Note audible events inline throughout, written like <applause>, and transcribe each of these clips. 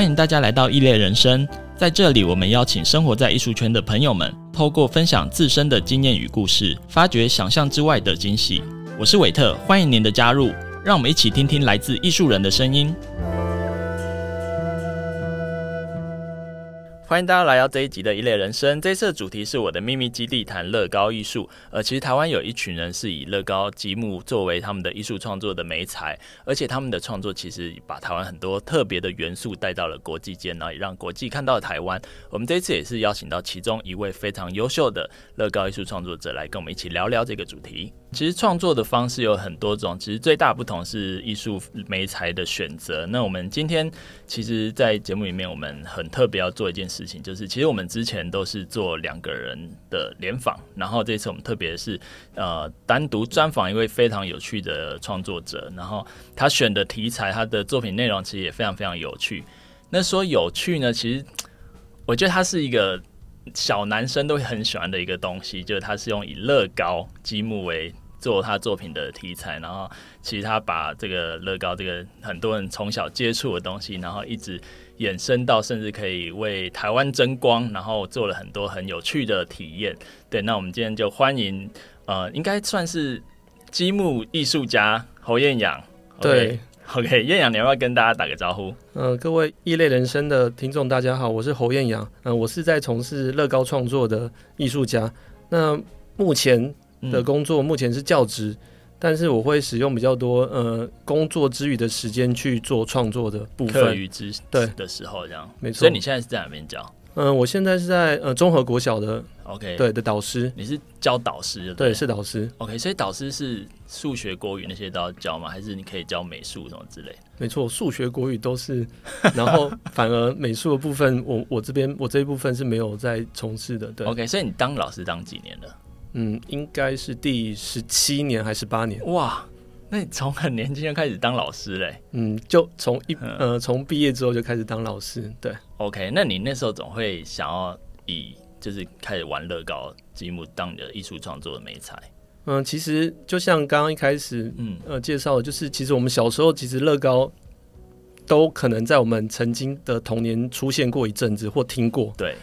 歡迎大家來到異類人生，在這裡，我們邀請生活在藝術圈的朋友們，透過分享自身的經驗與故事，發掘想象之外的驚喜。我是韋特，歡迎您的加入，讓我們一起聽聽來自藝術人的聲音。歡迎大家來到這一集的一類人生，這一次的主題是我的秘密基地談樂高藝術。呃，其實台灣有一群人是以樂高積木作為他們的藝術創作的媒材，而且他們的創作其實把台灣很多特別的元素帶到了國際間，然後也讓國際看到台灣。我們這一次也是邀請到其中一位非常優秀的樂高藝術創作者來跟我們一起聊聊這個主題。其實創作的方式有很多種，其實最大不同是藝術媒材的選擇。那我們今天其實，在節目裡面，我們很特別要做一件事情，就是其實我們之前都是做兩個人的聯訪，然後這次我們特別是呃單獨專訪一位非常有趣的創作者，然後他選的題材，他的作品內容其實也非常非常有趣。那說有趣呢，其實我覺得他是一個小男生都會很喜歡的一個東西，就是他是用以樂高積木為做他作品的題材，然後其實他把這個樂高這個很多人從小接觸的東西，然後一直延伸到甚至可以為台灣爭光，然後做了很多很有趣的體驗。對，那我們今天就歡迎呃，應該算是積木藝術家侯彥仰。Okay, 對，OK，彥仰，你要不要跟大家打個招呼？嗯、呃，各位異類人生的聽眾，大家好，我是侯彥仰。嗯、呃，我是在從事樂高創作的藝術家。那目前。的工作，嗯、目前是教職，但是我會使用比較多呃工作之餘的時間去做創作的部分。課與之對的時候這樣，沒錯錯。所以你現在是在哪邊教？嗯、呃，我現在是在呃中和國小的 OK 對的導師。你是教導師對，對是導師 OK，所以導師是數學國語那些都要教嗎？還是你可以教美術什麼之類？沒錯，數學國語都是，然後反而美術的部分， <laughs> 我我這邊我這一部分是沒有在從事的。對 OK，所以你當老師當幾年了？嗯，應該是第十七年還是八年？哇，那你從很年輕就開始當老師嘞？嗯，就從一、嗯、呃，從畢業之後就開始當老師。對，OK，那你那時候總會想要以就是開始玩樂高積木當你的藝術創作的媒材？嗯，其實就像剛剛一開始嗯呃介紹的，就是其實我們小時候其實樂高都可能在我們曾經的童年出現過一陣子或聽過。對，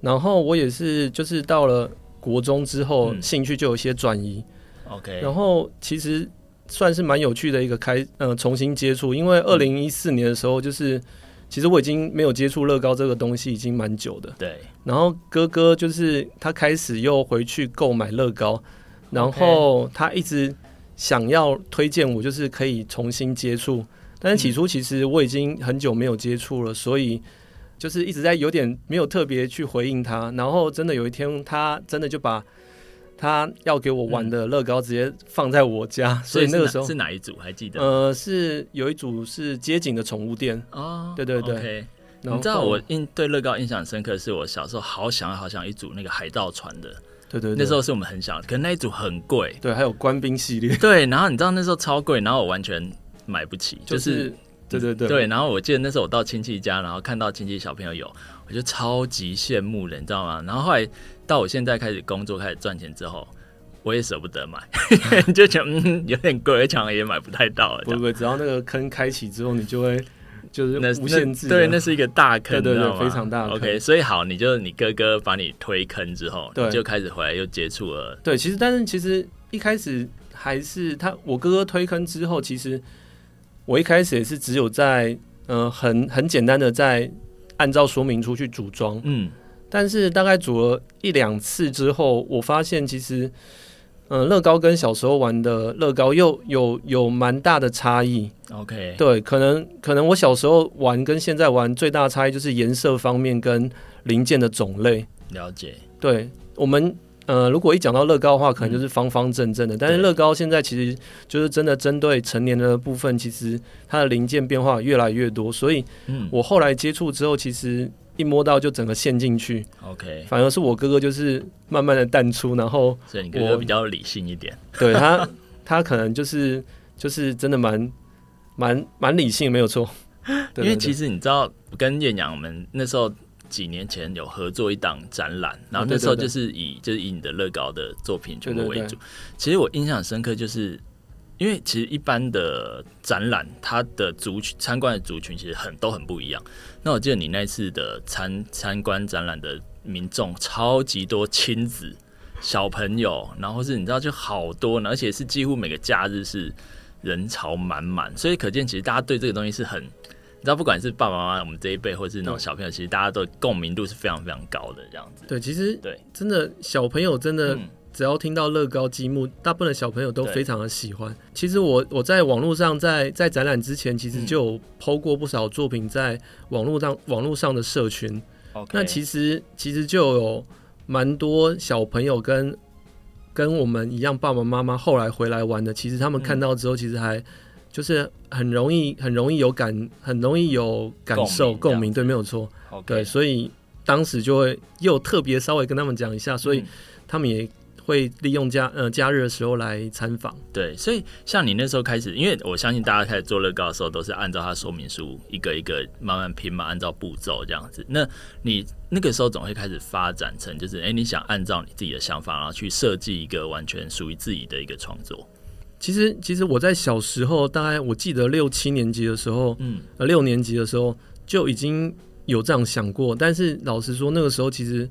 然後我也是，就是到了。國中之後，興趣就有一些轉移。嗯、OK，然後其實算是蠻有趣的一個開，呃重新接觸。因為二零一四年的時候，就是、嗯、其實我已經沒有接觸樂高這個東西已經蠻久的。對。然後哥哥就是他開始又回去購買樂高，然後他一直想要推薦我，就是可以重新接觸。但是起初其實我已經很久沒有接觸了，嗯、所以。就是一直在有點沒有特別去回應他，然後真的有一天他真的就把他要給我玩的樂高直接放在我家。嗯，所以那個時候是哪，是哪一組還記得？呃，是有一組是街景的寵物店哦。Oh, 對對對。okay。然後，你知道我印對樂高印象深刻，是我小時候好想好想一組那個海盜船的，對對對。那時候是我們很想，可是那一組很貴，對，還有官兵系列，對。然後你知道那時候超貴，然後我完全買不起，就是。對對對,對，然後我記得那時候我到親戚家，然後看到親戚小朋友有，我就超級羨慕的，你知道嗎？然後後來到我現在開始工作、開始賺錢之後，我也舍不得買，啊、 <laughs> 就講、嗯、有點貴，而且也買不太到。不不，只要那個坑開啟之後，你就會就是那無限制。對，那是一個大坑，對對對，你知道嗎？非常大的。OK，所以好，你就你哥哥把你推坑之後，對你就開始回來又接觸了。對，其實但是其實一開始還是他我哥哥推坑之後，其實。我一開始也是只有在，嗯、呃，很很簡單的在按照說明書去組裝，嗯，但是大概組了一兩次之後，我發現其實，嗯、呃，樂高跟小時候玩的樂高又有有蠻大的差異，OK，對，可能可能我小時候玩跟現在玩最大的差異就是顏色方面跟零件的種類，了解。對，我們。呃，如果一講到樂高的話，可能就是方方正正的。嗯、但是樂高現在其實就是真的針對成年的部分，其實它的零件變化越來越多。所以，我後來接觸之後，其實一摸到就整個陷進去。嗯、OK，反而是我哥哥就是慢慢的淡出，然後我，所以你哥哥比較理性一點。 <laughs> 對他，他可能就是就是真的蠻蠻蠻理性，沒有錯。因為，對對對，其實你知道，跟彥仰我們那時候。幾年前有合作一檔展覽，然後那時候就是以、啊、對對對，就是以你的樂高的作品全部為主。對對對對，其實我印象深刻，就是因為其實一般的展覽，它的族群參觀的族群其實很都很不一樣。那我記得你那次的參參觀展覽的民眾超級多，親子、小朋友，然後是你知道就好多，然後而且是幾乎每個假日是人潮滿滿，所以可見其實大家對這個東西是很。你知道，不管是爸爸媽媽，我們這一輩，或是那種小朋友，其實大家的共鳴度是非常非常高的這樣子。對，其實對，真的小朋友真的，嗯、只要聽到樂高積木，大部分的小朋友都非常的喜歡。對其實我我在網絡上在，在在展覽之前，其實就有拋過不少作品在網絡上，嗯、網絡上的社群。Okay 那其實其實就有蠻多小朋友跟跟我們一樣，爸爸媽媽後來回來玩的，其實他們看到之後，其實還。嗯就是很容易，很容易有感，很容易有感受共鳴，對，沒有錯，Okay. 對，所以當時就會又特別稍微跟他們講一下，所以他們也會利用假、嗯、呃假日的時候來參訪。對，所以像你那時候開始，因為我相信大家開始做樂高的時候都是按照它說明書一個一個慢慢拼嘛，按照步驟這樣子。那你那個時候總會開始發展成，就是哎、欸，你想按照你自己的想法然後去設計一個完全屬於自己的一個創作。其實，其實我在小時候，大概我記得六七年級的時候，嗯，呃，六年級的時候就已經有這樣想過，但是老實說，那個時候其實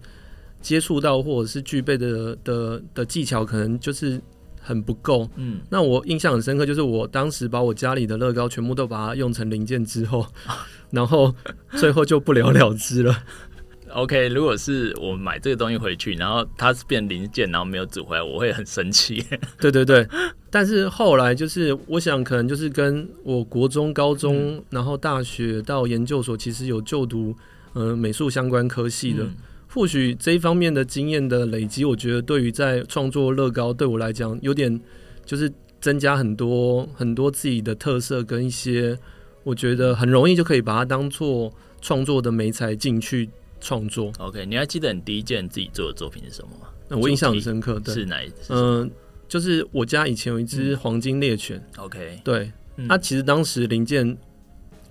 接觸到或者是具備的的的技巧，可能就是很不夠。嗯，那我印象很深刻，就是我當時把我家裡的樂高全部都把它用成零件之後，啊、然後最後就不了了之了。 <laughs> OK，如果是我買這個東西回去，然後它是變零件，然後沒有組回來，我會很生氣。 <laughs> 對對對，但是後來就是，我想可能就是跟我國中、高中，嗯、然後大學到研究所，其實有就讀嗯、呃、美術相關科系的，或許、嗯、這一方面的經驗的累積，我覺得對於在創作樂高對我來講，有點就是增加很多很多自己的特色跟一些，我覺得很容易就可以把它當做創作的媒材進去。創作，OK，你還記得你第一件自己做的作品是什麼嗎？那我印象很深刻，對是哪一隻？一嗯、呃，就是我家以前有一隻黃金獵犬，嗯、，OK，對，它，嗯啊、其實當時零件，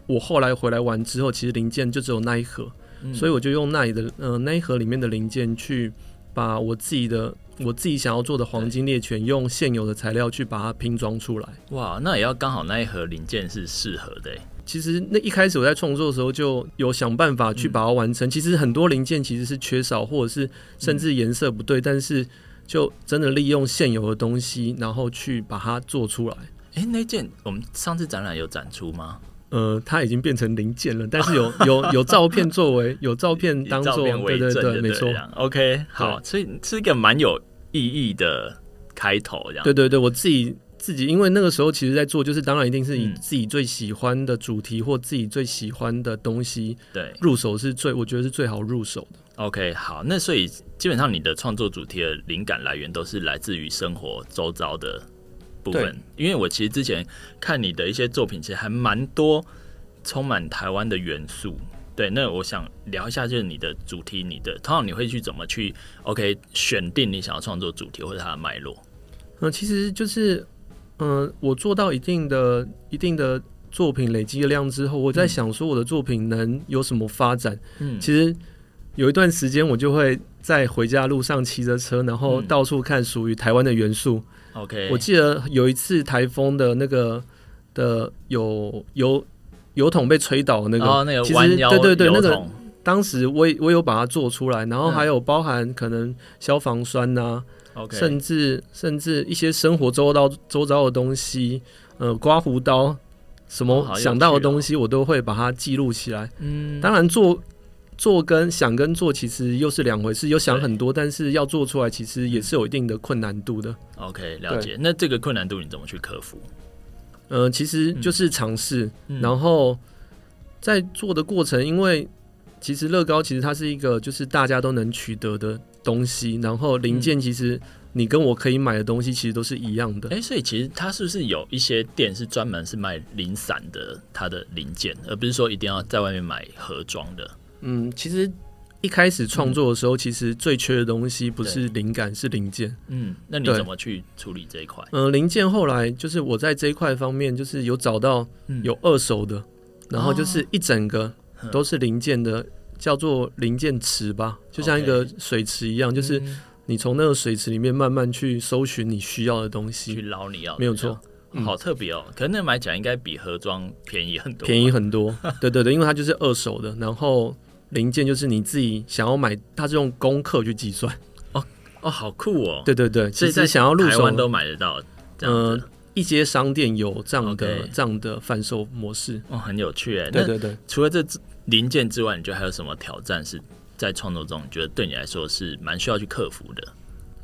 我後來回來玩之後，其實零件就只有那一盒，嗯、，所以我就用那裡的呃，那一盒裡面的零件去把我自己的我自己想要做的黃金獵犬對用現有的材料去把它拼裝出來。哇，那也要剛好那一盒零件是適合的、欸其實那一開始我在創作的時候就有想辦法去把它完成。嗯、其實很多零件其實是缺少，或者是甚至顏色不對，嗯、但是就真的利用現有的東西，然後去把它做出來。哎、欸，那件我們上次展覽有展出嗎？呃，它已經變成零件了，但是有有有照片作為， <laughs> 有照片當作對對對，沒錯。OK，對好，所以是一個蠻有意義的開頭，這樣。對，對對對，我自己。自己，因為那個時候其實，在做就是，當然一定是以自己最喜歡的主題或自己最喜歡的東西入手是最，嗯、我覺得是最好入手的。OK，好，那所以基本上你的創作主題的靈感來源都是來自於生活周遭的部分。對因為我其實之前看你的一些作品，其實還蠻多充滿台灣的元素。對，那我想聊一下，就是你的主題，你的，通常你會去怎麼去 OK 選定你想要創作主題或者它的脈絡？那、嗯、其實就是。嗯，我做到一定的、一定的作品累積的量之後，我在想說我的作品能有什麼發展？嗯，其實有一段時間我就會在回家路上騎着車，然後到處看屬於台灣的元素。OK，、嗯、我記得有一次台風的那個的油有，有，有油桶被吹倒、那個哦，那個其實對對對，對，油桶。那個當時我也我有把它做出來，然後還有包含可能消防栓吶、啊。嗯 Okay. 甚至甚至一些生活周到周遭的東西，呃，刮鬍刀，什麼、哦哦、想到的東西，我都會把它記錄起來。嗯，當然做做跟想跟做其實又是兩回事，又想很多，對但是要做出來其實也是有一定的困難度的。OK，了解。對那這個困難度你怎麼去克服？嗯、呃，其實就是嘗試。嗯、然後在做的過程，因為其實樂高其實它是一個就是大家都能取得的。東西，然後零件其實你跟我可以買的東西其實都是一樣的。哎、嗯，所以其實它是不是有一些店是專門是賣零散的它的零件，而不是說一定要在外面買盒裝的？嗯，其實一開始創作的時候，嗯、其實最缺的東西不是靈感，對是零件。嗯，那你怎麼去處理這一塊？嗯、呃，零件後來就是我在這一塊方面就是有找到有二手的，嗯、然後就是一整個都是零件的。哦叫做零件池吧，就像一個水池一樣，Okay, 就是你從那個水池裡面慢慢去搜尋你需要的東西。去撈你要。沒有錯，嗯、好特別哦。可能那買起來應該比盒裝便、便宜很多，便宜很多。對對對，因為它就是二手的，然後零件就是你自己想要買，它是用功課去計算。哦哦，好酷哦。對對對，其實想要入手都買得到。嗯、呃，一些商店有這樣的 Okay. 這樣的販售模式。哦，很有趣哎。對對對，那，除了這。零件之外，你覺得還有什麼挑戰是在創作中？你覺得對你來說是蠻需要去克服的？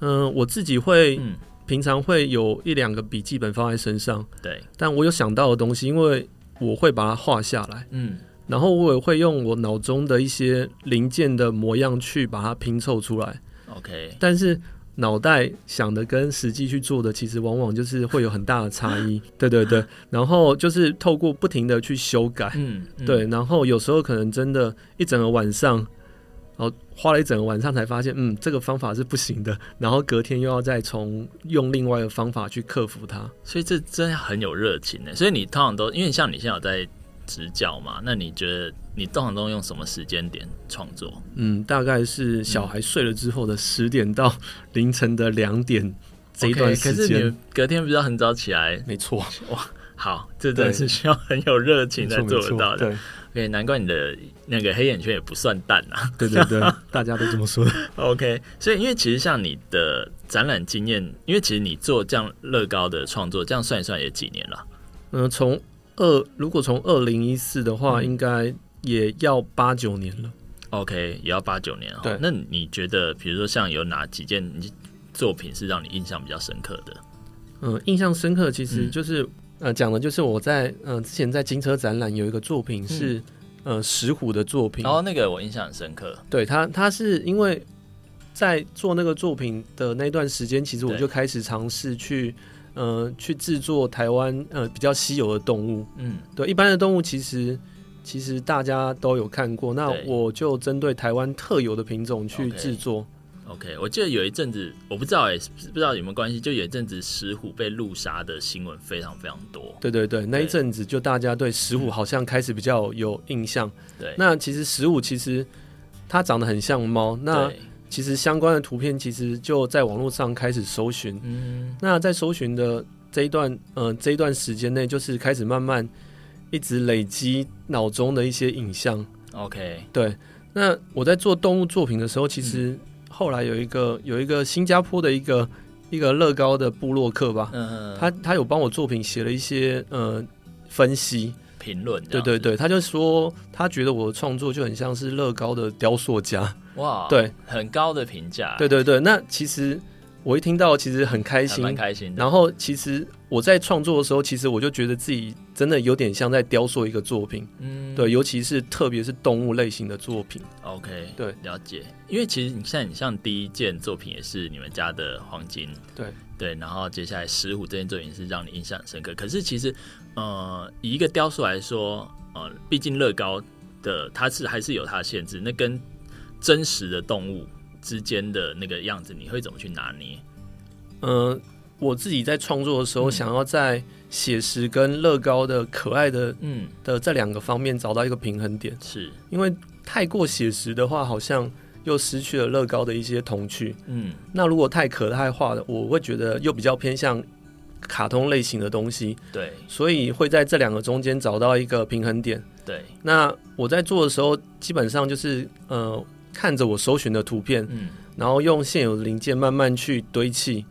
嗯、呃，我自己會，平常會有一兩個筆記本放在身上，對。但我有想到的東西，因為我會把它畫下來，嗯。然後我也會用我腦中的一些零件的模樣去把它拼湊出來，OK。但是。腦袋想的跟實際去做的，其實往往就是會有很大的差異。 <laughs> 對對對，然後就是透過不停的去修改，嗯，對，然後有時候可能真的，一整個晚上，然後花了一整個晚上才發現，嗯，這個方法是不行的，然後隔天又要再從用另外一個方法去克服它，所以這真的很有熱情呢。所以你通常都因為像你現在有在執教嘛，那你覺得？你通常都用什麼時間點創作？嗯，大概是小孩睡了之後的十點到凌晨的兩點、嗯、這一段時間。Okay, 可是你隔天不知道很早起來，沒錯錯。哇，好，這段是需要很有熱情來做得到的。對，對 okay, 難怪你的那個黑眼圈也不算淡啊。對對對， <laughs> 大家都這麼說的。 <laughs> OK，所以因為其實像你的展覽經驗，因為其實你做這樣樂高的創作，這樣算一算也幾年了。嗯、呃，從二如果從二零一四的話，嗯、應該。也要八九年了，OK，也要八九年。對，那你覺得，比如說像有哪幾件你作品是讓你印象比較深刻的？嗯，印象深刻，其實就是、嗯、呃，講的就是我在呃之前在金車展覽有一個作品是、嗯、呃石虎的作品，然後、哦、那個我印象很深刻。對他，他是因為在做那個作品的那段時間，其實我就開始嘗試去對呃去制作台灣呃比較稀有的動物。嗯，對，一般的動物其實。其實大家都有看過，那我就針對台灣特有的品種去制作。Okay, OK，我記得有一陣子，我不知道哎、欸，不知道有沒有關係？就有一陣子石虎被路殺的新聞非常非常多。對對對，對那一陣子就大家對石虎好像開始比較有印象。對、嗯，那其實石虎其實它長得很像貓。那其實相關的圖片其實就在網絡上開始搜尋。嗯，那在搜尋的這一段，嗯、呃，這一段時間內，就是開始慢慢。一直累積腦中的一些影像。OK，對。那我在做動物作品的時候，其實後來有一個有一個新加坡的一個一個樂高的布洛克吧，嗯、uh，他、huh. 他有幫我作品寫了一些呃分析評論，評論對對對，他就說他覺得我的創作就很像是樂高的雕塑家，哇，Wow, 對，很高的評價，對對對。那其實我一聽到其實很開心，很開心。然後其實我在創作的時候，其實我就覺得自己。真的有點像在雕塑一個作品，嗯，對，尤其是特別是動物類型的作品。OK，對，了解。因為其實你像你像第一件作品也是你們家的黃金，對對。然後接下來石虎這件作品是讓你印象很深刻。可是其實，呃，以一個雕塑來說，呃，畢竟樂高的它是還是有它的限制。那跟真實的動物之間的那個樣子，你會怎麼去拿捏？嗯、呃，我自己在創作的時候，想要在、嗯。寫實跟樂高的可愛的，嗯，的這兩個方面找到一個平衡點，是因為太過寫實的話，好像又失去了樂高的一些童趣，嗯，那如果太可愛化的，我會覺得又比較偏向卡通類型的東西，對，所以會在這兩個中間找到一個平衡點，對，那我在做的時候，基本上就是呃，看着我搜尋的圖片，嗯，然後用現有的零件慢慢去堆砌。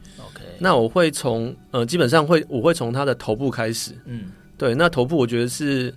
那我會從呃，基本上會我會從他的頭部開始，嗯，對。那頭部我覺得是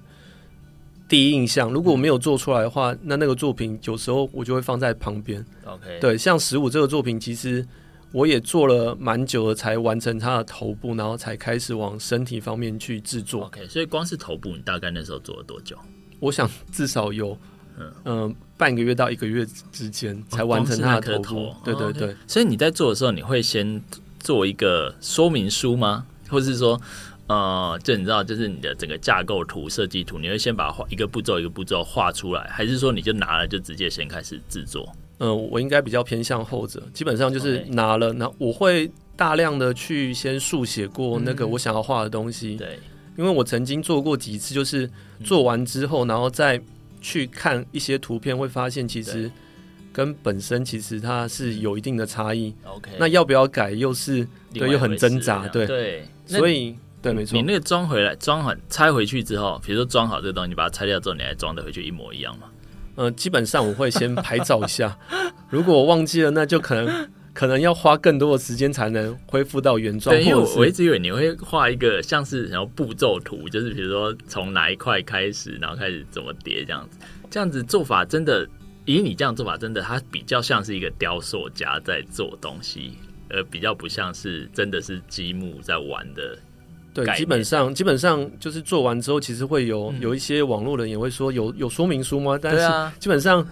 第一印象。如果我沒有做出來的話，嗯、那那個作品有時候我就會放在旁邊。OK，對。像十五這個作品，其實我也做了蠻久了才完成他的頭部，然後才開始往身體方面去制作。OK，所以光是頭部，你大概那時候做了多久？我想至少有嗯、呃、半個月到一個月之間才完成他的頭部。哦、光是漢克的頭。對對對。Okay, 所以你在做的時候，你會先。做一個說明書嗎？或者是說，呃，就你知道，就是你的整個架構圖、設計圖，你會先把畫一個步驟一個步驟畫出來，還是說你就拿了就直接先開始製作？嗯、呃，我應該比較偏向後者。基本上就是拿了，那 Okay. 我會大量的去先速寫過那個我想要畫的東西。嗯、對，因為我曾經做過幾次，就是做完之後，然後再去看一些圖片，會發現其實。跟本身其實它是有一定的差異。OK，那要不要改又是對，又很掙扎，對樣對，對那所以對沒錯，你那個裝回來裝好拆回去之後，比如說裝好這個東西，你把它拆掉之後，你還裝得回去一模一樣嘛。呃，基本上我會先拍照一下， <laughs> 如果我忘記了，那就可能可能要花更多的時間才能恢復到原狀。對，因為我一直以為你會畫一個像是然後步驟圖，就是比如說從哪一塊開始，然後開始怎麼疊這樣子，這樣子做法真的。以你這樣做法，真的，它比較像是一個雕塑家在做東西，而比較不像是真的是積木在玩的。對，基本上基本上就是做完之後，其實會有、嗯、有一些網絡人也會說有，有有說明書嗎？但是基本上，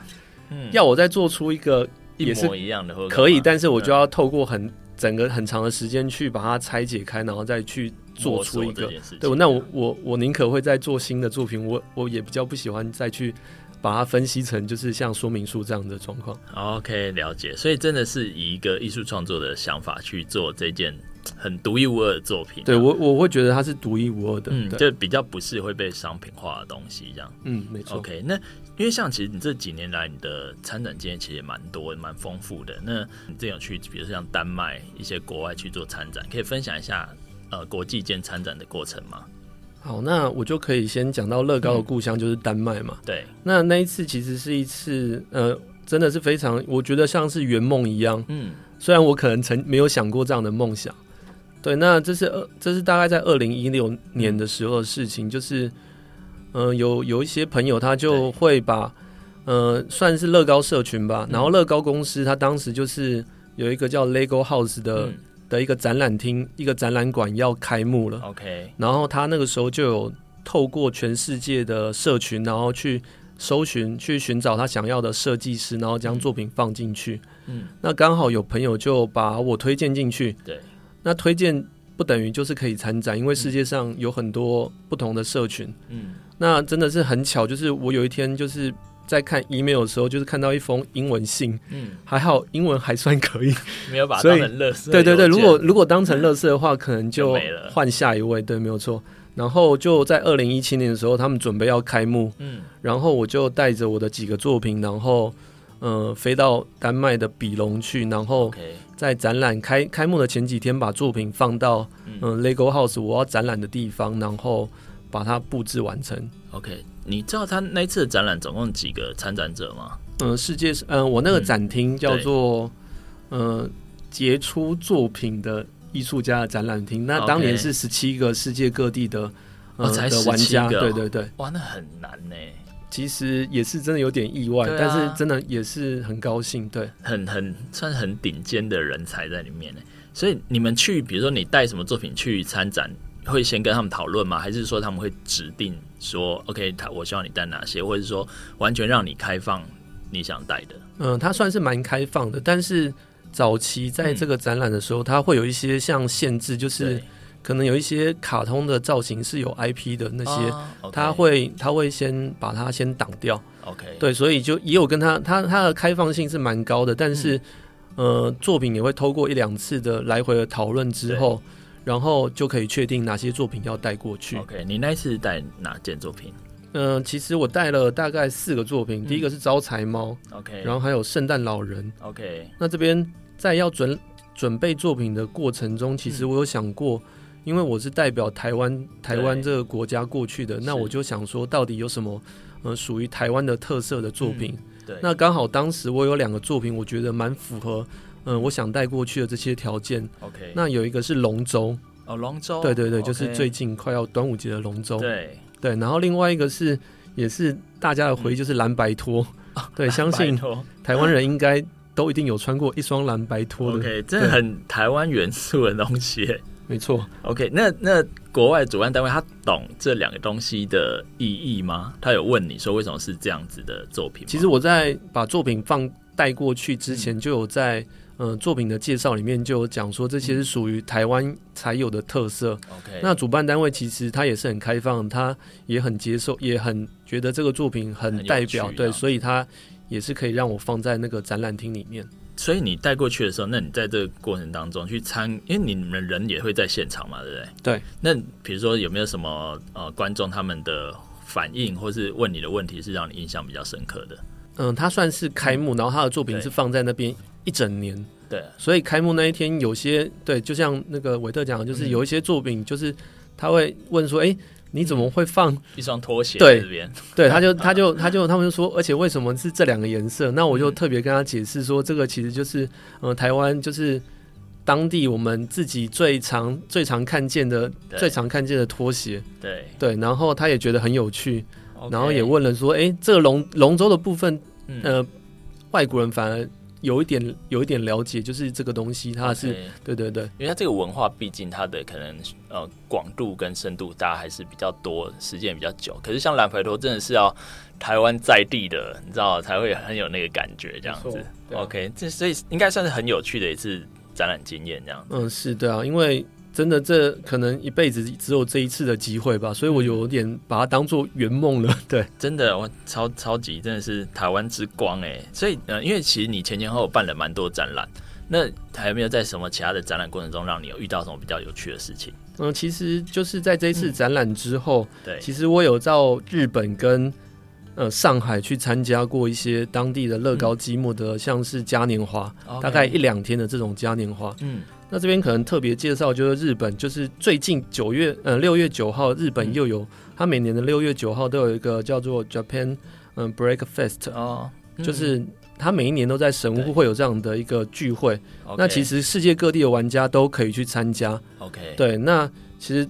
嗯、要我再做出一個一模一樣的，可以，但是我就要透過很、嗯、整個很長的時間去把它拆解開，然後再去做出一個。啊、對，那我我我寧可會再做新的作品，我我也比較不喜歡再去。把它分析成就是像說明書這樣的狀況。OK，了解。所以真的是以一個藝術創作的想法去做這件很獨一無二的作品。對我，我會覺得它是獨一無二的，嗯，對就比較不是會被商品化的東西這樣。嗯，沒錯。OK，那因為像其實你這幾年來你的參展經驗其實也蠻多、蠻豐富的。那你這樣去，比如像丹麥一些國外去做參展，可以分享一下呃國際間參展的過程嗎？好，那我就可以先講到樂高的故鄉、嗯、就是丹麥嘛。對，那那一次其實是一次，呃，真的是非常，我覺得像是圓夢一樣。嗯，雖然我可能曾沒有想過這樣的夢想。對，那這是二，這是大概在二零一六年的時候的事情，嗯、就是，嗯、呃，有有一些朋友他就會把，對呃，算是樂高社群吧，嗯、然後樂高公司他當時就是有一個叫 Lego House 的。嗯的一個展覽廳，一個展覽館要開幕了。OK，然後他那個時候就有透過全世界的社群，然後去搜尋，去尋找他想要的設計師，然後將作品放進去。嗯，那剛好有朋友就把我推薦進去。對，那推薦不等於就是可以參展，因為世界上有很多不同的社群。嗯，那真的是很巧，就是我有一天就是。在看 email 的時候，就是看到一封英文信，嗯，還好英文還算可以，沒有把它當成垃圾。所以對對對，如果如果當成垃圾的話，嗯、可能就換下一位，對，沒有錯。然後就在二零一七年的時候，他們準備要開幕，嗯，然後我就帶着我的幾個作品，然後嗯、呃、飛到丹麥的比隆去，然後在展覽開開幕的前幾天把作品放到嗯、呃、LEGO House 我要展覽的地方，然後把它布置完成、嗯、，OK。你知道他那次的展覽總共幾個參展者嗎？嗯，世界嗯，我那個展廳叫做嗯，嗯，傑出作品的藝術家的展覽廳。Okay 那當年是十七個世界各地的呃、哦、才十七個玩家，對對對，哇，那很難呢。其實也是真的有點意外，啊、但是真的也是很高興，對，很很算很頂尖的人才在裡面呢。所以你們去，比如說你帶什麼作品去參展，會先跟他們討論嗎？還是說他們會指定？說 OK，他我希望你帶哪些，或者是說完全讓你開放你想帶的。嗯、呃，他算是蠻開放的，但是早期在這個展覽的時候，他、嗯、會有一些像限制，就是對可能有一些卡通的造型是有 IP 的那些，他、啊、會他 Okay 會先把它先擋掉。OK，對，所以就也有跟他他他的開放性是蠻高的，但是、嗯、呃作品也會透過一兩次的來回的討論之後。然後就可以確定哪些作品要帶過去。OK，你那次帶哪件作品？嗯、呃，其實我帶了大概四個作品。嗯、第一個是招財貓，OK，然後還有聖誕老人，OK。那這邊在要準準備作品的過程中，其實我有想過，嗯、因為我是代表台灣台灣這個國家過去的，對那我就想說，到底有什麼呃屬於台灣的特色的作品？嗯、對，那剛好當時我有兩個作品，我覺得蠻符合。嗯，我想帶過去的這些條件，OK。那有一個是龍舟哦，龍舟，對對對，OK。就是最近快要端午節的龍舟，對對。然後另外一個是，也是大家的回憶，就是藍白拖，嗯、 <laughs> 對，相信台灣人應該都一定有穿過一雙藍白拖 <laughs> OK，對，OK，這很台灣元素的東西， <laughs> 沒錯。OK，那那國外主辦單位他懂這兩個東西的意義嗎？他有問你說為什麼是這樣子的作品？其實我在把作品放帶過去之前，就有在、嗯。嗯，作品的介紹裡面就有講說，這些是屬於台灣才有的特色。OK，那主辦單位其實他也是很開放，他也很接受，也很覺得這個作品很代表，對，所以他也是可以讓我放在那個展覽廳裡面。所以你帶過去的時候，那你在這個過程當中去參，因為你們人也會在現場嘛，對不對？對。那比如說有沒有什麼呃觀眾他們的反應，或是問你的問題是讓你印象比較深刻的？嗯，嗯，他算是開幕，然後他的作品是放在那邊。一整年，對，所以開幕那一天有些對，就像那個韋特講，就是有一些作品，就是他會問說：“哎、欸，你怎麼會放、嗯、一雙拖鞋在這邊對，對，他就他就 <laughs> 他就，他，就，他，就他們就說：“而且為什麼是這兩個顏色？”那我就特別跟他解釋說：“嗯、這個其實就是，嗯、呃，台灣就是當地我們自己最常最常看見的對最常看見的拖鞋。對”對對，然後他也覺得很有趣，Okay 然後也問了說：“哎、欸，這個龍龍舟的部分，呃、嗯、外國人反而。”有一點有一點了解，就是這個東西它是 Okay. 對對對，因為它這個文化畢竟它的可能呃廣度跟深度，大家還是比較多，時間也比較久。可是像藍白拖真的是要台灣在地的，你知道才會很有那個感覺這樣子。啊、OK，這所以應該算是很有趣的一次展覽經驗這樣。嗯，是對啊，因為。真的，這可能一輩子只有這一次的機會吧，所以我有點把它當做，圓夢了。對，真的，我超超級真的是台灣之光哎。所以呃，因為其實你前前後後辦了蠻多展覽，那還有沒有在什麼其他的展覽過程中讓你有遇到什麼比較有趣的事情？嗯，其實就是在這一次展覽之後，嗯、對，其實我有到日本跟呃上海去參加過一些當地的樂高積木的，嗯、像是嘉年華，Okay 大概一兩天的這種嘉年華，嗯。那這邊可能特別介紹就是日本，就是最近九月，嗯、呃，六月九號，日本又有，嗯、他每年的六月九號都有一個叫做 Japan 嗯、呃、Breakfast 哦，嗯嗯，就是他每一年都在神戶會有這樣的一個聚會。對那其實世界各地的玩家都可以去參加。OK，對，那其實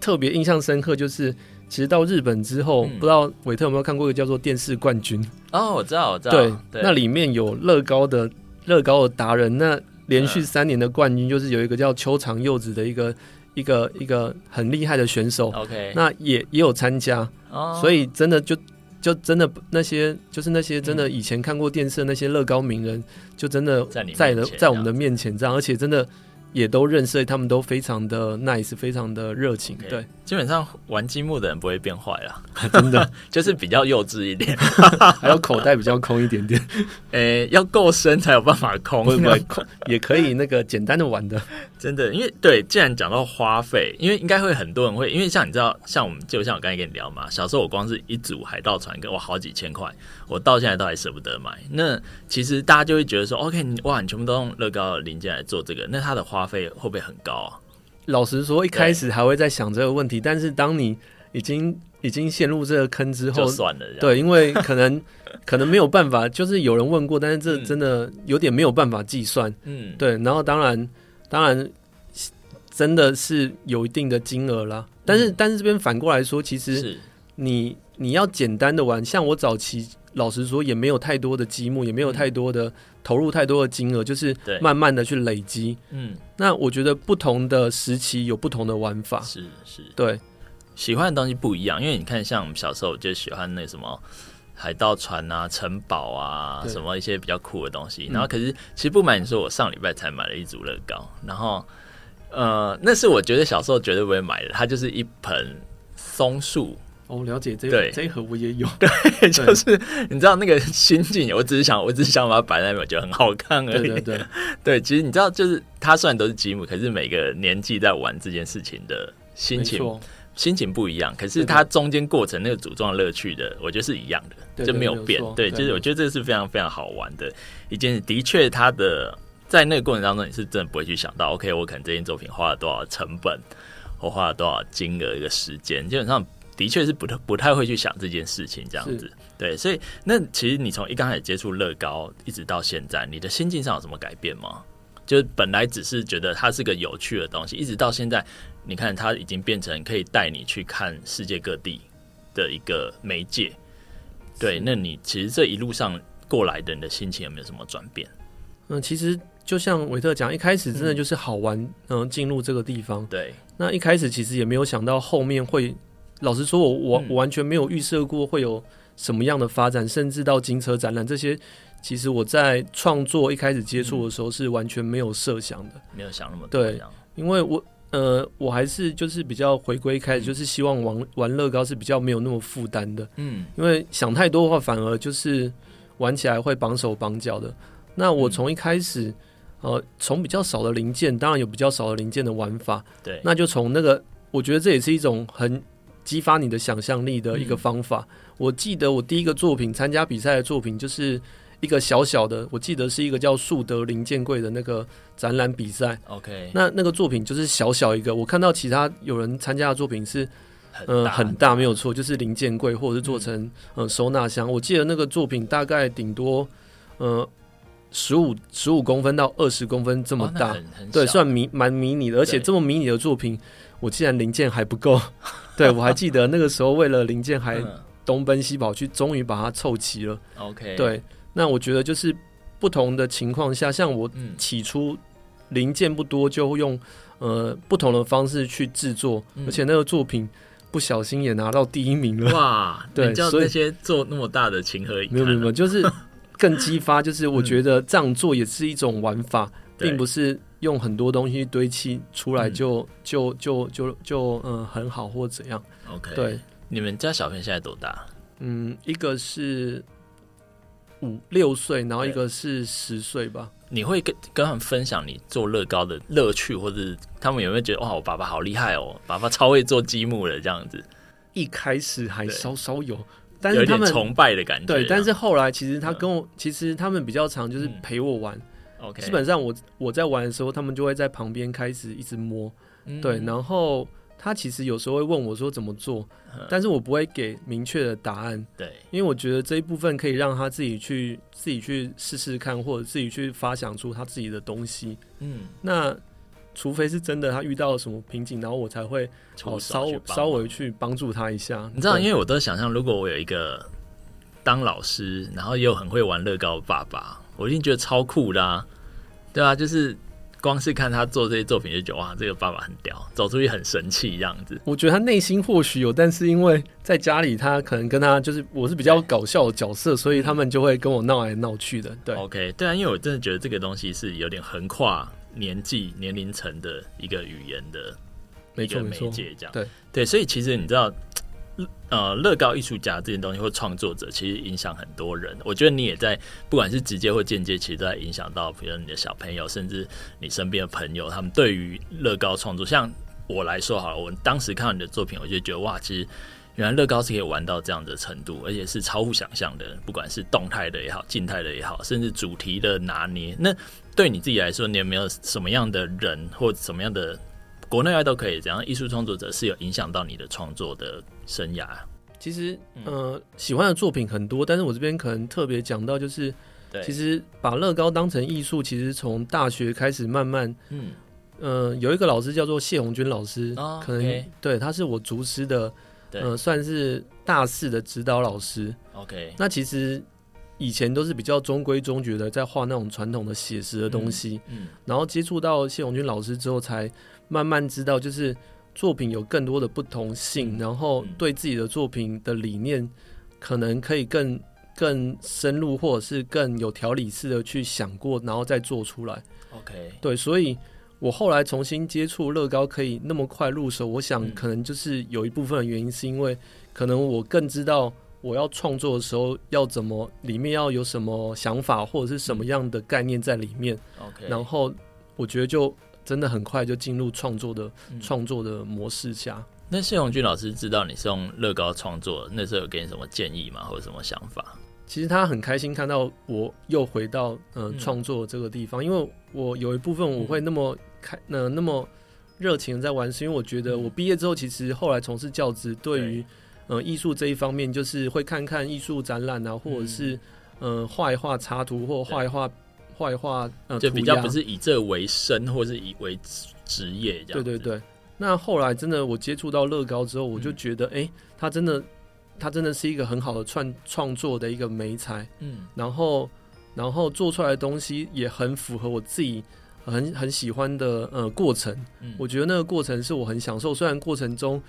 特別印象深刻就是，其實到日本之後，嗯、不知道韋特有沒有看過一個叫做電視冠軍？哦，我知道，我知道，對，對那裡面有樂高的樂高的達人那。連續三年的冠軍就是有一個叫秋長柚子的一個一個一個很厲害的選手，OK，那也也有參加，oh. 所以真的就就真的那些就是那些真的以前看過電視那些樂高名人，嗯、就真的在的在,在我們的面前這樣，而且真的。也都認識，他們都非常的 nice，非常的熱情。Okay. 對，基本上玩積木的人不會變壞啊， <laughs> 真的就是比較幼稚一點， <laughs> <laughs> 還有口袋比較空一點點。誒、 <laughs> 欸，要夠深才有辦法空， <laughs> 會不會空 <laughs> 也可以那個簡單的玩的。 <laughs> <laughs> 真的，因為對，既然講到花費，因為應該會很多人會，因為像你知道，像我們就像我剛才跟你聊嘛，小時候我光是一組海盜船，跟哇好幾千塊，我到現在都還舍不得買。那其實大家就會覺得說，OK，你哇，你全部都用樂高零件來做這個，那它的花費會不會很高啊？老實說，一開始還會在想這個問題，對但是當你已經已經陷入這個坑之後，就算了，對，因為可能可能沒有辦法，就是有人問過，但是這真的有點沒有辦法計算，嗯，對，然後當然。當然，真的是有一定的金額啦。嗯、但是，但是這邊反過來說，其實你是你要簡單的玩，像我早期，老實說也沒有太多的積木，也沒有太多的、嗯、投入太多的金額，就是慢慢的去累積。嗯對，那我覺得不同的時期有不同的玩法。是是、嗯。對，喜歡的東西不一樣，因為你看，像小時候我就喜歡那什麼。海盜船啊，城堡啊，對什麼一些比較酷的東西。然後，可是其實不瞞你說，我上禮拜才買了一組樂高。然後，呃，那是我覺得小時候絕對不會買的，它就是一盆松樹。哦，了解這一對這一盒我也有。對,對，就是對你知道那個心境，我只是想，我只是想把它擺在那，我覺得很好看而已。對對對,對，其實你知道，就是它雖然都是積木，可是每個年紀在玩這件事情的心情。心情不一樣，可是它中間過程那個組裝樂趣的，我覺得是一樣的，對對對就沒有變。對,對,對,對，就是我覺得這個是非常非常好玩的對對對一件事。的確，它的在那個過程當中，你是真的不會去想到，OK，我可能這件作品花了多少成本，我花了多少金額一個時間，基本上的確是不不太會去想這件事情這樣子。是。對，所以那其實你從一剛開始接觸樂高一直到現在，你的心境上有什麼改變嗎？就本來只是覺得它是個有趣的東西，一直到現在，你看它已經變成可以帶你去看世界各地的一個媒介。對，是那你其實這一路上過來的你的心情有沒有什麼轉變？嗯，其實就像維特講，一開始真的就是好玩，嗯，進、嗯、入這個地方。對，那一開始其實也沒有想到後面會，老實說我，我我、嗯、我完全沒有預設過會有什麼樣的發展，甚至到金車展覽這些。其實我在創作一開始接觸的時候是完全沒有設想的，沒有想那麼多，對，因為我呃，我還是就是比較回歸開始，就是希望玩玩樂高是比較沒有那麼負擔的，嗯，因為想太多的話，反而就是玩起來會綁手綁腳的。那我從一開始，呃，從比較少的零件，當然有比較少的零件的玩法，對，那就從那個，我覺得這也是一種很激發你的想象力的一個方法。我記得我第一個作品參加比賽的作品就是。一個小小的，我記得是一個叫樹德零件櫃的那個展覽比賽。OK，那那個作品就是小小一個。我看到其他有人參加的作品是，呃，很大，沒有錯，就是零件櫃，或者是做成呃、嗯嗯、收納箱。我記得那個作品大概頂多呃十五十五公分到二十公分這麼大，哦、對，算迷蠻迷你的，而且這麼迷你的作品，對我竟然零件還不夠。 <laughs> 對，我還記得那個時候為了零件還東奔西跑去，終於、嗯、把它湊齊了。OK，對。那我覺得就是不同的情況下，像我起初零件不多，就用、嗯、呃不同的方式去製作，嗯、而且那個作品不小心也拿到第一名了。哇，對，人叫 以那些做那麼大的情何以堪？沒有，沒有沒有，就是更激發，就是我覺得這樣做也是一種玩法， <laughs> 嗯、並不是用很多東西堆砌出來就、嗯、就就就就嗯很好或怎樣。OK，對，你們家小朋友現在多大？嗯，一個是。五六歲，然後一個是十歲吧。你會跟跟他們分享你做樂高的樂趣，或者是他們有沒有覺得哇，我爸爸好厲害哦，爸爸超會做積木的這樣子？一開始還稍稍對有，但是他們有點崇拜的感覺。對，但是後來其實他跟我，嗯、其實他們比較常就是陪我玩。嗯 okay. 基本上我我在玩的時候，他們就會在旁邊開始一直摸，嗯、對，然後。他其實有時候會問我說怎麼做，嗯、但是我不會給明確的答案，對，因為我覺得這一部分可以讓他自己去自己去試試看，或者自己去發想出他自己的東西。嗯，那除非是真的他遇到了什麼瓶頸，然後我才會哦稍微稍微去幫助他一下。你知道，對因為我都想象，如果我有一個當老師，然後也有很會玩樂高的爸爸，我一定覺得超酷的、啊，對啊，就是。光是看他做這些作品，就覺得哇，這個爸爸很屌，走出去很神氣這樣子。我覺得他內心或許有，但是因為在家裡，他可能跟他就是我是比較搞笑的角色，欸、所以他們就會跟我鬧來鬧去的。對，OK，對啊，因為我真的覺得這個東西是有點橫跨年紀、年齡層的一個語言的，沒錯，媒介這樣，沒錯沒錯，對對，所以其實你知道。呃，樂高藝術家這件東西或創作者，其實影響很多人。我覺得你也在，不管是直接或間接，其實都在影響到，比如你的小朋友，甚至你身邊的朋友。他們對於樂高創作，像我來說，好了，我當時看到你的作品，我就覺得哇，其實原來樂高是可以玩到這樣的程度，而且是超乎想象的，不管是動態的也好，靜態的也好，甚至主題的拿捏。那對你自己來說，你有沒有什麼樣的人或者什麼樣的國內外都可以？這樣藝術創作者是有影響到你的創作的？生涯其實，嗯、呃，喜歡的作品很多，但是我這邊可能特別講到，就是，對，其實把樂高當成藝術，嗯、其實從大學開始慢慢，嗯，呃，有一個老師叫做謝紅軍老師，啊、可能 okay 對，他是我廚師的，對、呃，算是大四的指導老師。OK，那其實以前都是比較中規中矩的，在畫那種傳統的寫實的東西，嗯，嗯然後接觸到謝紅軍老師之後，才慢慢知道，就是。作品有更多的不同性，嗯、然後對自己的作品的理念，可能可以更更深入，或者是更有條理式的去想過，然後再做出來。OK，對，所以我後來重新接觸樂高，可以那麼快入手，我想可能就是有一部分的原因，是因為可能我更知道我要創作的時候要怎麼，裡面要有什麼想法或者是什麼樣的概念在裡面。OK，然後我覺得就。真的很快就進入創作的創、嗯、作的模式下。那謝永俊老師知道你是用樂高創作，那時候有給你什麼建議嗎？或者什麼想法？」其實他很開心看到我又回到、呃、嗯創作這個地方，因為我有一部分我會那麼開、嗯呃，那那麼熱情在玩，是因為我覺得我畢業之後，其實後來從事教職，對於嗯藝術這一方面，就是會看看藝術展覽啊，或者是嗯畫、呃、一畫插圖，或畫一畫。畫畫，嗯，呃、就比較不是以這個為生，嗯、或是以為職業，對對對。那後來真的，我接觸到樂高之後，我就覺得，哎、嗯欸，它真的，它真的是一個很好的創創作的一個媒材。嗯。然後，然後做出來的東西也很符合我自己很很喜歡的呃過程。嗯、我覺得那個過程是我很享受，雖然過程中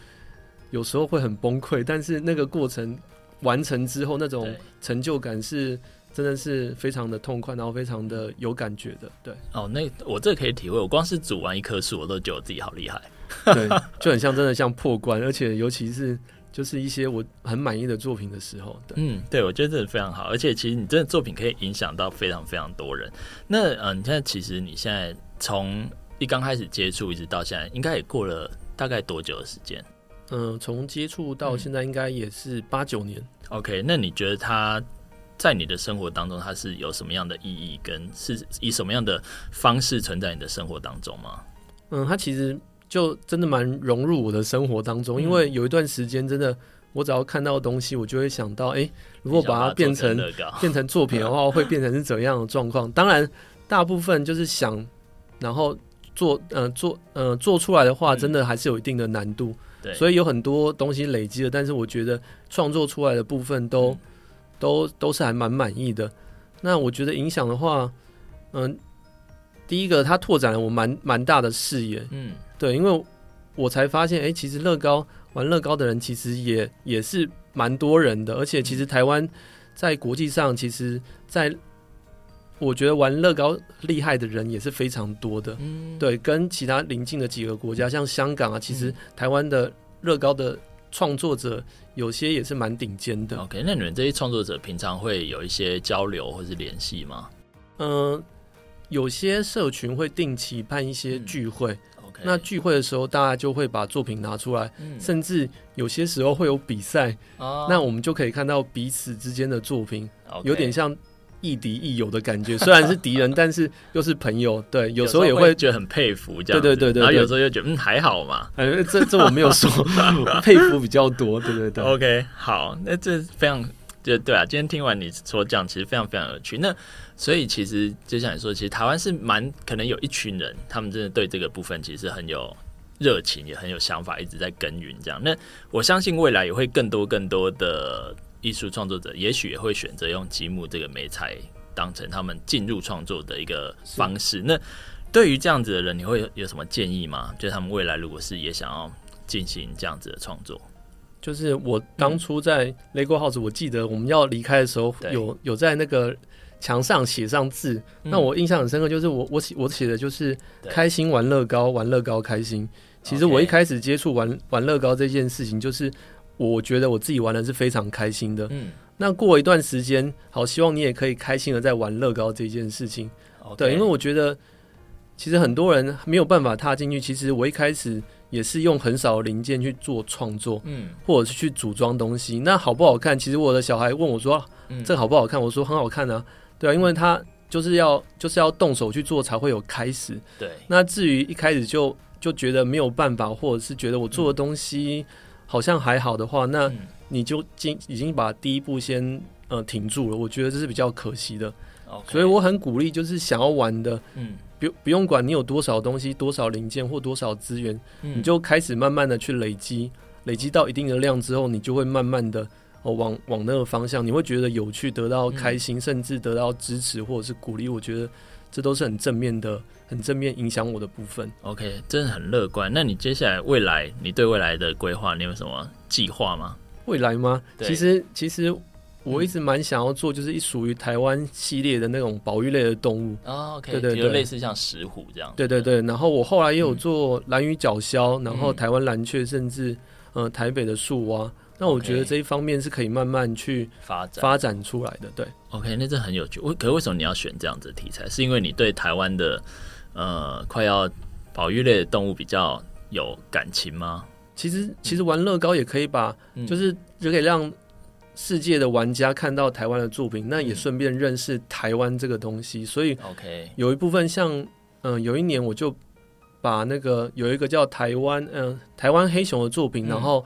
有時候會很崩潰，但是那個過程完成之後，那種成就感是。真的是非常的痛快，然後非常的有感覺的，對。哦，那我這可以體會，我光是組完一棵樹，我都覺得我自己好厲害， <laughs> 對，就很像真的像破關，而且尤其是就是一些我很滿意的作品的時候，對嗯，對，我覺得真的非常好，而且其實你真的作品可以影響到非常非常多人。那嗯、呃，你現在其實你現在從一剛開始接觸，一直到現在，應該也過了大概多久的時間？嗯，從接觸到現在，應該也是八九年、嗯。OK，那你覺得他？在你的生活當中，它是有什麼樣的意義，跟是以什麼樣的方式存在你的生活當中嗎？嗯，它其實就真的蠻融入我的生活當中，因為有一段時間，真的我只要看到東西，我就會想到，哎、欸，如果把它變成，它成變成作品的話，會變成是怎樣的狀況？ <laughs> 當然，大部分就是想，然後做，嗯、呃，做，嗯、呃，做出來的話，真的還是有一定的難度。對、嗯，所以有很多東西累積了，但是我覺得創作出來的部分都、嗯。都都是還蠻滿意的，那我覺得影響的話，嗯、呃，第一個它拓展了我蠻蠻大的視野，嗯，對，因為我才發現，誒、欸，其實樂高玩樂高的人其實也也是蠻多人的，而且其實台灣在國際上，其實，在我覺得玩樂高厲害的人也是非常多的，嗯、對，跟其他鄰近的幾個國家，像香港啊，其實台灣的樂高的，創作者有些也是蠻頂尖的。OK，那你們這些創作者平常會有一些交流，或是聯繫嗎？嗯、呃，有些社群會定期辦一些聚會。嗯 okay，那聚會的時候，大家就會把作品拿出來，嗯、甚至有些時候會有比賽。嗯、那我們就可以看到彼此之間的作品，Okay，有點像。亦敵亦友的感覺，雖然是敵人， <laughs> 但是又是朋友。對，有時候也會覺得很佩服，這樣。對對對對，對，然後有時候又覺得嗯還好嘛， <laughs> 這這我沒有說 <laughs> 佩服比較多，對對對。OK，好，那這非常對對啊！今天聽完你說這樣，其實非常非常有趣。那所以其實就像你說，其實台灣是蠻可能有一群人，他們真的對這個部分其實很有熱情，也很有想法，一直在耕耘這樣。那我相信未來也會更多更多的。藝術創作者也許也會選擇用積木這個媒材，當成他們進入創作的一個方式。是那對於這樣子的人，你會有什麼建議嗎？就是他們未來如果是也想要進行這樣子的創作，就是我當初在 Lego House，嗯、我記得我們要離開的時候，對有有在那個牆上寫上字。嗯、那我印象很深刻，就是我我寫我寫的就是對開心玩樂高，玩樂高開心。其實我一開始接觸玩 Okay 玩樂高這件事情，就是。我覺得我自己玩的是非常開心的。嗯，那過一段時間，好希望你也可以開心的在玩樂高這件事情。Okay. 對，因為我覺得其實很多人沒有辦法踏進去。其實我一開始也是用很少的零件去做創作，嗯，或者是去組裝東西。那好不好看？其實我的小孩問我說：“嗯啊、這個好不好看？”我說：“很好看啊。”對啊，因為他就是要就是要動手去做才會有開始。對，那至於一開始就就覺得沒有辦法，或者是覺得我做的東西。嗯好像還好的話，那你就經已經把第一步先呃停住了，我覺得這是比較可惜的。Okay. 所以我很鼓勵，就是想要玩的，嗯，不不用管你有多少東西、多少零件或多少資源，嗯、你就開始慢慢的去累積，累積到一定的量之後，你就會慢慢的、呃、往往那個方向，你會覺得有趣，得到開心，嗯、甚至得到支持或者是鼓勵，我覺得。這都是很正面的，很正面影響我的部分。OK，真的很樂觀。那你接下來未來，你對未來的規劃，你有什麼計劃嗎？未來嗎？對其實，其實我一直蠻想要做，就是一屬於台灣系列的那種保育類的動物。哦、o、okay, k 對對對，類似像石虎這樣。對，對對對，然後我後來也有做蘭嶼角鴞，嗯、然後台灣藍鵲，甚至呃台北的樹蛙、啊。那我覺得這一方面是可以慢慢去發展、發展出來的。對，OK，那這很有趣。可為什麼你要選這樣子的題材？是因為你對台灣的呃快要保育類的動物比較有感情嗎？其實，其實玩樂高也可以把，嗯、就是就可以讓世界的玩家看到台灣的作品，嗯、那也順便認識台灣這個東西。所以，OK，有一部分像，嗯、呃，有一年我就把那個有一個叫台灣，嗯、呃，台灣黑熊的作品，嗯、然後。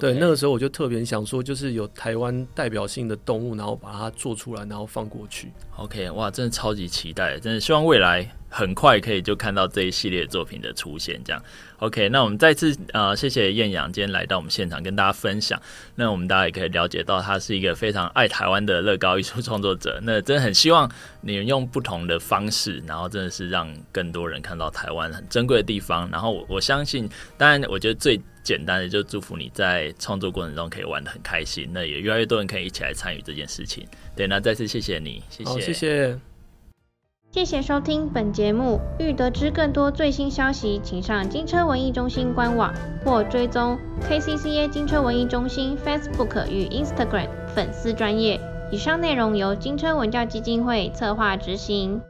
對，那個時候我就特別想說，就是有台灣代表性的動物，然後把它做出來，然後放過去。OK，哇，真的超級期待，真的希望未來很快可以就看到這一系列作品的出現。這樣，OK，那我們再次呃，謝謝彥仰今天來到我們現場跟大家分享。那我們大家也可以了解到，他是一個非常愛台灣的樂高藝術創作者。那真的很希望你們用不同的方式，然後真的是讓更多人看到台灣很珍貴的地方。然後我我相信，當然我覺得最簡單的就祝福你在創作過程中可以玩得很開心，那也越來越多人可以一起來參與這件事情。對，那再次謝謝你，謝謝，謝謝。謝謝收聽本節目，欲得知更多最新消息，請上金車文藝中心官網或追蹤 KCCA 金車文藝中心 Facebook 與 Instagram 粉絲專頁。以上內容由金車文教基金會策劃執行。